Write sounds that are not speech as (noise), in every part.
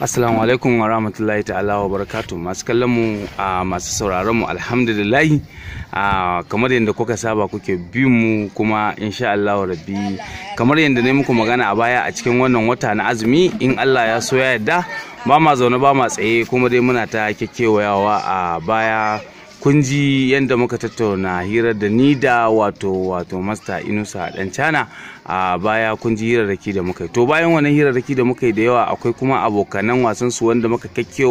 assalamu alaikum wa rahmatullahi ta'ala wa barakatu masu kallon mu a masu sauraron mu alhamdulillahi kamar yadda kuka saba kuke bin mu kuma insha Allah rabbi kamar yadda ne muku magana a baya a cikin wannan wata na azumi in Allah ya so ya yarda ba ma zaune ba ma tsaye kuma dai muna ta kekewayawa a baya kun ji yadda muka tattauna hirar da ni da wato wato masta inusa dan cana a baya kun ji hirarraki da muka yi to bayan wannan hirarraki da muka yi da yawa akwai kuma abokanan wasan su wanda muka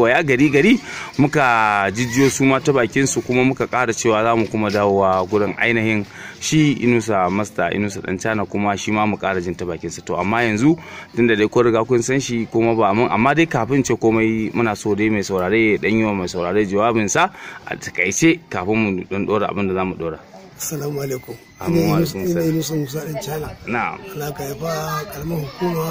ya gari gari muka jijiyo su ma ta bakin su kuma muka kara cewa za mu kuma dawowa gurin ainihin shi inusa masta inusa dan cana kuma shi ma mu kara jin ta bakin sa to amma yanzu tunda dai kun riga kun san shi kuma ba mun amma dai kafin ce komai muna so dai mai saurare dan yi wa mai saurare jawabin sa a takaice kafin mu dan dora abin da za mu dora Assalamu alaikum. Amma alaikum salam. Musa Musa ɗin Cala. Na'am. Allah ka fa kalmar hukuma.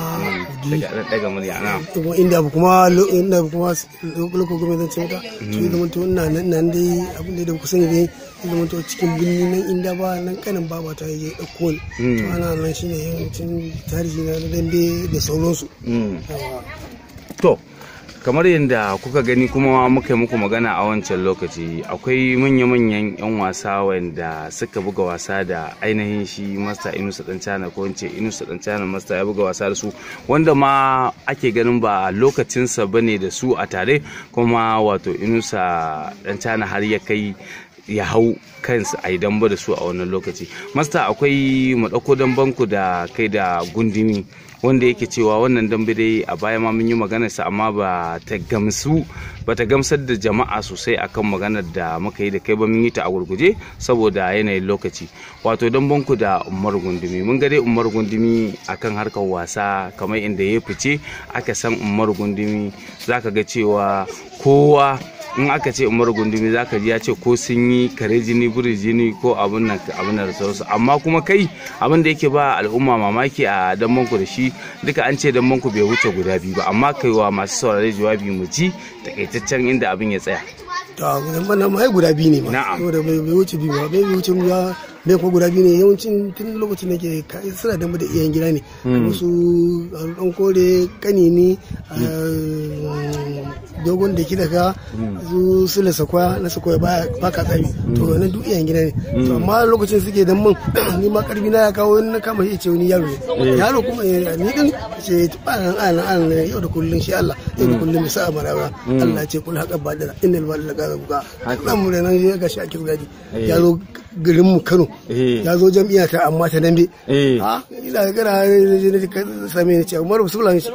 daga murya na'am. inda abu kuma inda abu kuma lokacin gwamnati zan ce maka. To ya mm. zama to ina nan dai abin da ku sani dai yi zama to cikin birni nan inda ba nan kanin ba ta yi ɗauko ni. Mm. To ana nan shine yawancin tarihi na dande da sauransu. Mm. To kamar yadda kuka gani kuma muka yi muku magana a wancan lokaci akwai manya-manyan 'yan wasa wanda suka buga wasa da ainihin shi masta inusa cana ko inu inusa dan masta ya buga wasa da su wanda ma ake ganin ba lokacinsa bane da su a tare kuma wato inusa cana har ya kai ya hau kansu a yi damba da su a wannan lokaci masta akwai maɗauko banku da kai da gundumi wanda yake cewa wannan dambe dai a baya ma mun yi maganar sa amma ba ta gamsu ba ta gamsar da jama'a sosai akan maganar da muka yi da kai ba mun yi ta a gurguje saboda yanayin lokaci wato dan banku da umar gundumi mun ga dai umar gundumi akan harkar wasa kamar inda ya fice aka san umar gundumi zaka ga cewa kowa in aka ce umar gundumi za ka ji ya ce ko sun yi kare jini buri jini ko abin nan abin da sauransu amma kuma kai abin da yake ba al'umma mamaki a damban ku da shi duka an ce damban ku bai wuce guda biyu ba amma kai wa masu saurare jawabi mu ji takaitaccen inda abin ya tsaya ta wannan mai guda biyu ne ma saboda bai wuce biyu ba bai wuce ruwa bai kuma guda biyu ne yawancin tun lokacin da ke suna dama da iyayen gida ne musu hmm. dan kore kanini hmm. eh, dogon da ke daga mm. su sule sakwaya na sakwaya ba ka tsami mm. to na duk yan gida ne mm. to amma lokacin suke dan mun (clears throat) ni ma karbi na ya kawo na kama shi ce wani yaro ne eh. yaro kuma eh, ni din ce an an an yau da kullun shi Allah yau da kullun bisa amara ba Allah ce kul haqa da innal la gaza buka nan mu nan ya ga shi a kirgadi eh. ya zo garin mu Kano ya zo jami'a ta amma ta dambe ha ila ga gara ne ka same ni ce Umar Usman ne ce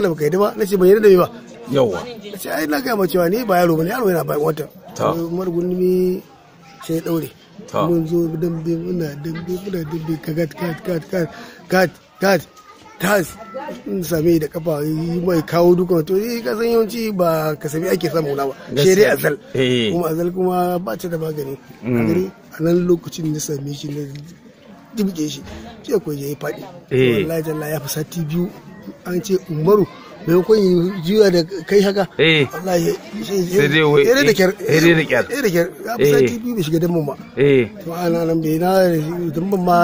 na kai da ba nace ban yarda da ba yawwa sai ai na gama cewa ni ba yaro bane yaro yana bayan wata to umar gulmi sai daure mun zo dambe muna dambe muna dambe ka gat gat gat gat gat tas same da kafa mai kawo duka to yi eh, kasan yawanci ba kasafi ake samu na ba shi dai azal eh. kuma azal kuma ba ta da magani mm. a nan lokacin da same shi na dibge shi sai ko ya yi faɗi eh. wallahi jalla ya fi sati biyu an ce umaru maimakon yi jiwa da kai haka eh sai dai wai da kyar eh, sai da kyar sai da kyar ya fi sati eh. biyu bai shiga dambun ba eh to ana nan bai na dambun ma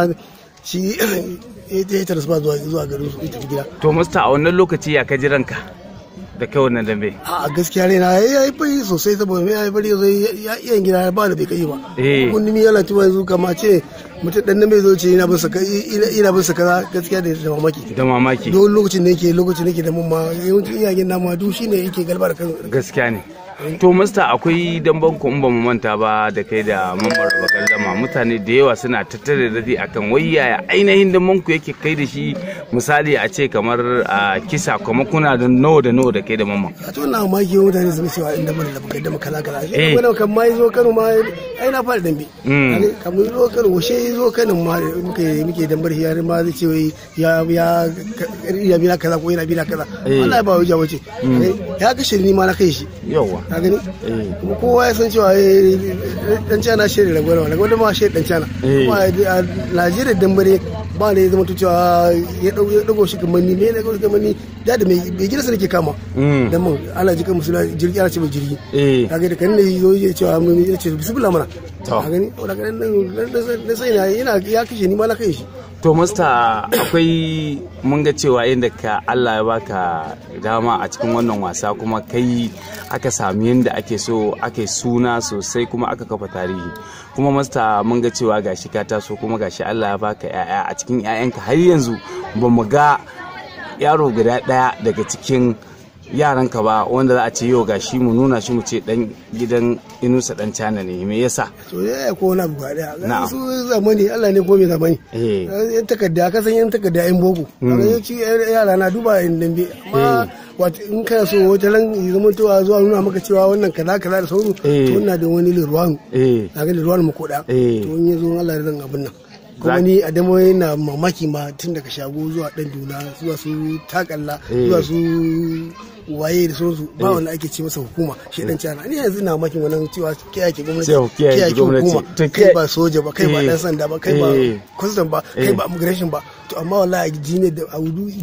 shi eh, ya ta tarsa zuwa garin su ita gida to masta a wannan lokaci ya ka ji ranka da kai wannan dambe a gaskiya ne na eh, yayi bai sosai saboda yayi bari zai ya iya gina ba da bai kai ba eh. Mun nimi yana tuwa yanzu kama ce mutum dan dambe zo ce ina bin saka ina bin kaza gaskiya da da mamaki da mamaki don lokacin da yake lokacin da yake da mun ma yawancin iyayen namu duk shine yake galbar kan gaskiya ne to masta akwai damban ku ba mu manta ba da kai da mamar bakallama mutane da yawa suna tattare da dadi akan wayaya ainihin damban ku yake kai da shi misali a ce kamar a kisa kuma kuna da nawa da nawa da kai da mamma a to na magi mutane su cewa inda mun da bakai da makala kala eh wani kan mai zo Kano ma ai na fara dambe mm. kamar zo Kano washe zo Kano ma muke muke dambar hiyar ma zai ce ya ya ya bina kaza ko yana bina kaza eh. wallahi ba wuce wuce mm. eh, ya kashe ni ma na kai shi yawa ka gani eh. kuma kowa ya san cewa eh, dan cana shi da ragwada daga wanda ma shi dan cana eh. kuma a Najeriya dambare ba ne ya zama cewa ya dago shi kamar ni ne ya dago shi kamar ni da da mai bai gidansa da ke kama mm. da mun ana jika musula jirgi ana ce mai jirgi eh. kaga da kan ne zo ya ce wa mun ya ce bula mana to a gani wala kan nan na sai yana ya kashe ni ma na kai shi to masta akwai mun ga cewa inda ka Allah ya baka dama a cikin wannan wasa kuma kai aka sami yadda ake so ake suna sosai kuma aka kafa tarihi kuma masta mun ga cewa gashi ka taso kuma gashi Allah ya baka 'ya'ya a cikin 'ya'yanka har yanzu ba mu ga yaro guda ɗaya daga cikin yaranka ba wanda za a ce yau gashi mu nuna shi mu ce dan gidan inusa dan cana ne me yasa to ya ko na abu da na'am su zamani Allah ne ko me zamani eh in takarda ka san in takarda yan boko kaga hmm. yaci yara na duba in dambe amma eh. wato in ka so wata ran ya zama to a zuwa nuna maka cewa wannan kaza kaza da sauru. to eh. ina da wani eh ga lirwanu mu koda eh. to in yazo Allah ya zan abin nan kuma ni a damo na mamaki ma tun daga shago zuwa dan duna zuwa su takalla eh. zuwa su waye da sonsu. ba eh. wanda ake ce masa hukuma shi dan eh. cana ni yanzu na makin wannan cewa kiyaye ke gwamnati kiyaye ke hukuma kai ba soja ba kai ba dan sanda ba kai ba custom ba kai ba immigration ba to amma wallahi jine da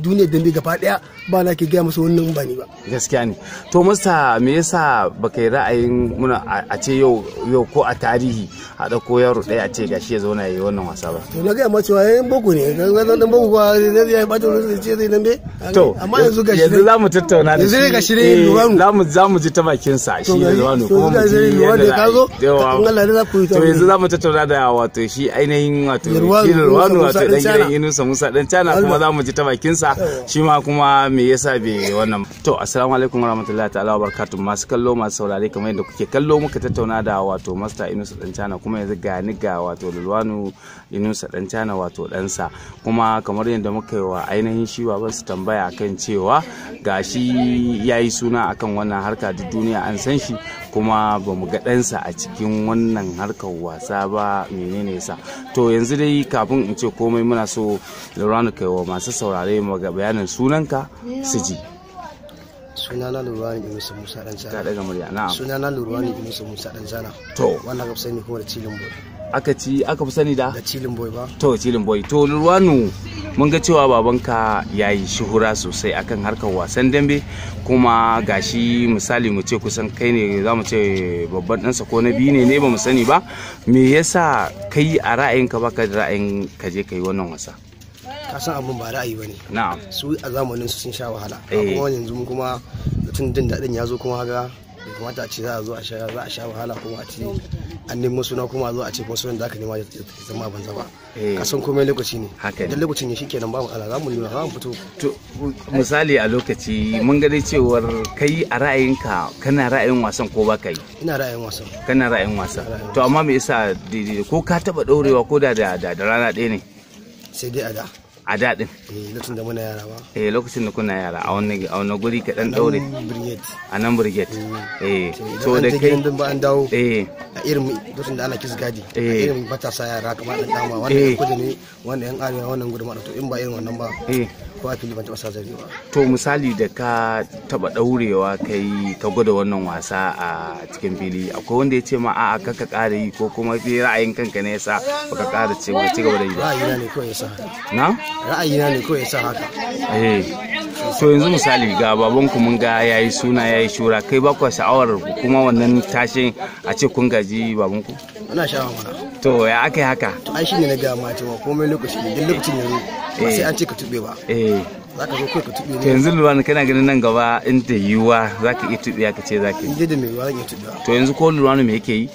duniyar dambe gaba daya ba na ke gaya masa wannan ba ni ba gaskiya ne to masta me yasa baka yi ra'ayin muna a ce yau yau ko a tarihi a dauko yaro ɗaya a ce gashi ya zauna yayi wannan wasa ba to na gaya ma cewa yayin boko ne ga zan dan boko ba zai ya bata wani ce zai dambe to amma yanzu gashi yanzu zamu tattauna da shi yanzu gashi ne eh, Luwanu zamu zamu ji ta bakin sa shi ne Luwanu ko mu ji Luwanu ka zo in Allah ne za ku yi to yanzu zamu tattauna da wato shi ainihin wato shi Luwanu wato dan gidan Inusa Musa dan Cana kuma za mu ji ta bakin sa shi ma kuma me yasa bai wannan to assalamu alaikum warahmatullahi ta'ala wabarakatuh masu kallo masu saurare kamar yadda kuke kallo muka tattauna da wato Master Inusa dan Cana kuma yanzu ga ni ga wato Lulwanu Inusa dan Cana wato ɗansa kuma kamar yadda muka yi wa ainihin shi baban su tambaya kan cewa gashi yayi suna akan wannan harka duk duniya an san shi kuma ba mu ga ɗansa a cikin wannan harkar wasa ba menene sa to yanzu dai kafin in ce komai muna so lauranu kai wa masu saurare bayanin sunanka su ji suna na lura sunana lurwani inusa musa dan zana ka daga murya na'am sunana lurwani inusa musa dan zana to wannan ka sani kuma da cilin boy aka ci aka fi sani da da cilin boy ba to cilin boy to lurwanu mun ga cewa babanka ya yi shuhura sosai akan harkar wasan dambe kuma gashi misali mu ce kusan kai ne za mu ce babban ɗansa ko na biyu ne ne ba mu sani ba me yasa kai a ra'ayinka baka da ra'ayin ka je ka yi wannan wasa ka san abin ba ra'ayi bane na'am su a zamanin su sun sha wahala eh. kuma yanzu mun kuma tun din daɗin ya zo kuma ga bai kamata a ce za a zo a sha za a sha wahala kuma a ce an nemi suna kuma a zo a ce kuma sunan da aka nema ya zama ban zama eh. ka san komai lokaci ne da lokacin ya shikenan ba mu ala za mu nuna za mu fito to misali a lokaci mun gani cewar kai a ra'ayinka kana ra'ayin wasan ko ba kai ina ra'ayin wasan kana ra'ayin wasan to amma me yasa ko ka taba daurewa ko da da rana ɗaya ne sai dai a da a daɗin eh, lokacin da muna yara ba eh lokacin da kuna yara a wani a guri ka dan daure a nan brigade mm. eh to da kai din ba an dawo eh a irin lokacin da ana kis gadi a eh. irin matasa yara kamar dan dama wannan eh. kudi ne wannan yan arewa wannan gudu ma to in ba irin wannan ba eh ko ban taɓa sa zare ba to misali da ka taɓa ɗaurewa kai ka gwada wannan wasa a cikin fili akwai wanda ya ce ma a'a ka ka ƙara yi ko kuma fi ra'ayin kanka ne yasa ba ka ƙara ce ba ci gaba da yi ba ra'ayina ne kawai yasa na ra'ayina ne kawai yasa haka eh to yanzu misali ga baban ku mun ga yayi suna yayi shura kai ba ku sha'awar kuma wannan tashin a ce kun gaji baban ku ana sha'awa to ya aka yi haka to ai shine na ga mata mai lokaci duk lokacin yanzu Eh. sai an ce ka tube ba eh. za ka zo kai ka tube ne yanzu lura kana ganin nan gaba in da yiwuwa za ka iya tube ka ce za ka yi da mai yiwuwa zan tuɓe tube to yanzu ko lura me yake yi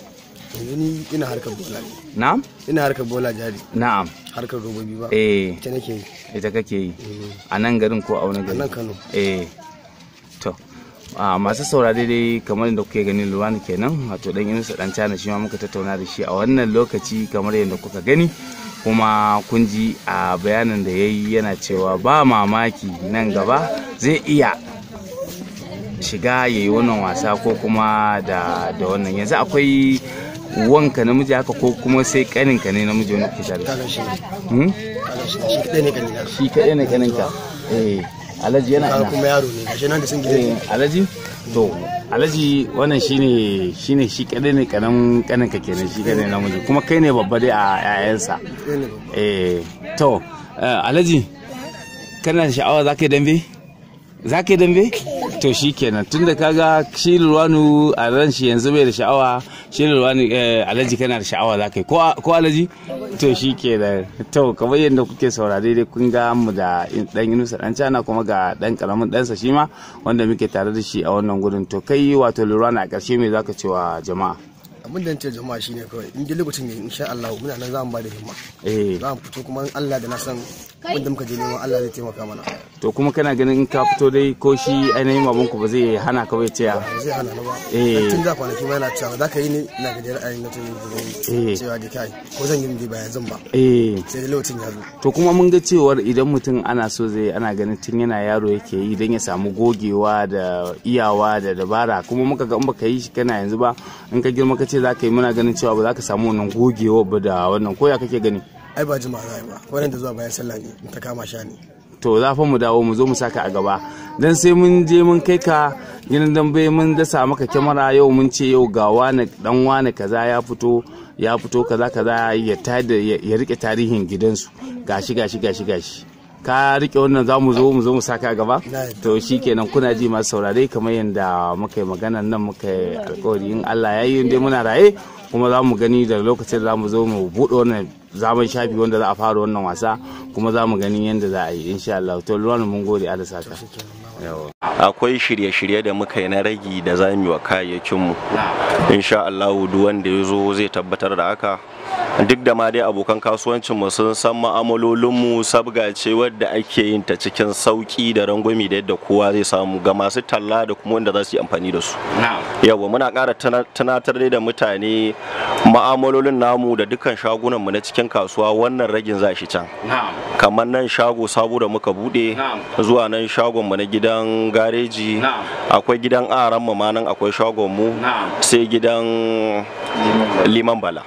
yanzu ni ina harkar bola ne na'am ina harkar bola jari na'am harkar robobi ba eh ita nake yi ita kake yi eh. a nan garin ko a wani garin a nan Kano eh to a masu saurare dai kamar da kuke ganin Luwani kenan wato dan Yunusa dan Cana shi ma muka tattauna da shi a wannan lokaci kamar yadda kuka gani kuma kun ji a bayanin da ya yi yana cewa ba mamaki nan gaba zai iya shiga ya yi wannan wasa ko kuma da wannan yanzu akwai wanka namiji haka ko kuma sai kanin ka ne namiji wani kusa da shi hmm? shi kaɗai ne kaninka eh alhaji yana kuma yaro ne gashi nan da sun gida eh, alhaji to alhaji wannan shine shine shi kadai ne kanan kanin ka kenan shi kadai namiji kuma kai ne babba dai a yayansa eh to eh, alhaji kana sha'awa zakai dambe zaka dambe to shi kenan tunda kaga shi lulwanu a ran shi yanzu bai da sha'awa shi lulwanu eh, alaji kana da sha'awa za ka yi ko alaji to shi kenan to kamar yadda kuke saurare dai kun ga mu da dan inusa dan cana kuma ga dan karamin dansa shi ma wanda muke tare da shi a wannan gudun to kai wato lulwanu a ƙarshe me za ka ce wa jama'a abin da ce jama'a shine kawai in ji lokacin ne insha Allah muna nan za mu ba da himma eh. za mu fito kuma Allah da na san wanda muka je neman Allah zai taimaka mana to kuma kana ganin in ka fito dai ko shi ainihin baban ku ba zai hana ka bai tsaya zai hana na ba eh tun da kwanaki ma yana cewa za ka yi ne ina ga dai ra'ayin na tun eh. cewa da kai ko zan yi ba zan ba eh sai da lokacin ya zo to kuma mun ga cewar idan mutum ana so zai ana ganin tun yana yaro yake yi idan ya samu gogewa da iyawa da dabara kuma muka ga in baka yi shi kana yanzu ba in ka girma ka ce za ka yi muna ganin cewa ba za ka samu wannan gogewa ba da wannan koya kake gani ai ba jima'a ba wannan da zuwa bayan sallah ne ta kama sha ne to za fa mu dawo mu zo mu saka a gaba dan sai mun je mun kai ka gidan dambe mun dasa maka kyamara yau mun ce yau ga wani dan wani kaza ya fito ya fito kaza kaza ya tada ya rike tarihin gidansu gashi gashi gashi gashi ka rike wannan za mu zo mu zo mu saka gaba to shi kenan kuna ji masu saurare kamar yadda muka yi maganan nan muka yi alkawari in Allah ya yi dai muna raye kuma za mu gani da lokacin za mu zo mu buɗe wannan zaman shafi wanda za a fara wannan wasa kuma za mu gani yadda za a yi insha Allah to ruwan mun gode Allah saka akwai shirye-shirye da muka yi na ragi da za mu yi wa kayayyakinmu insha Allah duk wanda ya zo zai tabbatar da haka duk da ma dai abokan kasuwancin mu sun san ma'amalolin mu sabga ce wadda ake yin ta cikin sauki da rangwami da yadda kowa zai samu ga masu talla da kuma wanda za su yi amfani da su yawa muna ƙara tunatar da mutane ma'amalolin namu da dukkan shagunan mu na cikin kasuwa wannan ragin za shi can kamar nan shago sabo da muka bude zuwa nan shagon mu na gidan gareji akwai gidan aran mu ma nan akwai shagon mu sai gidan liman bala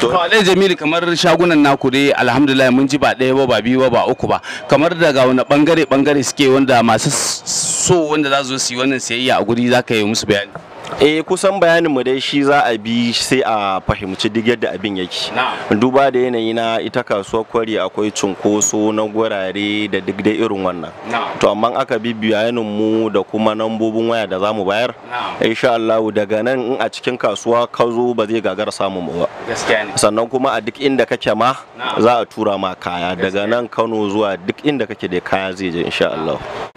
to alai jamilu kamar shagunan naku dai alhamdulillah mun ji ba ɗaya ba ba biyu ba ba uku ba kamar daga wani bangare bangare suke wanda masu so wanda za su yi wannan sayayya a guri za ka yi musu bayani eh kusan bayanin mu dai shi za a bi sai a fahimci duk yadda abin yake duba da yanayi na ita kasuwar kwari akwai cunkoso na gurare da duk dai irin wannan to amma aka bi bayanin mu da kuma nambobin waya da zamu bayar insha Allah daga nan in a cikin kasuwa ka zo ba zai gagara samu mu ba sannan kuma a duk inda kake ma za a tura ma kaya daga nan Kano zuwa duk inda kake da kaya zai je insha Allah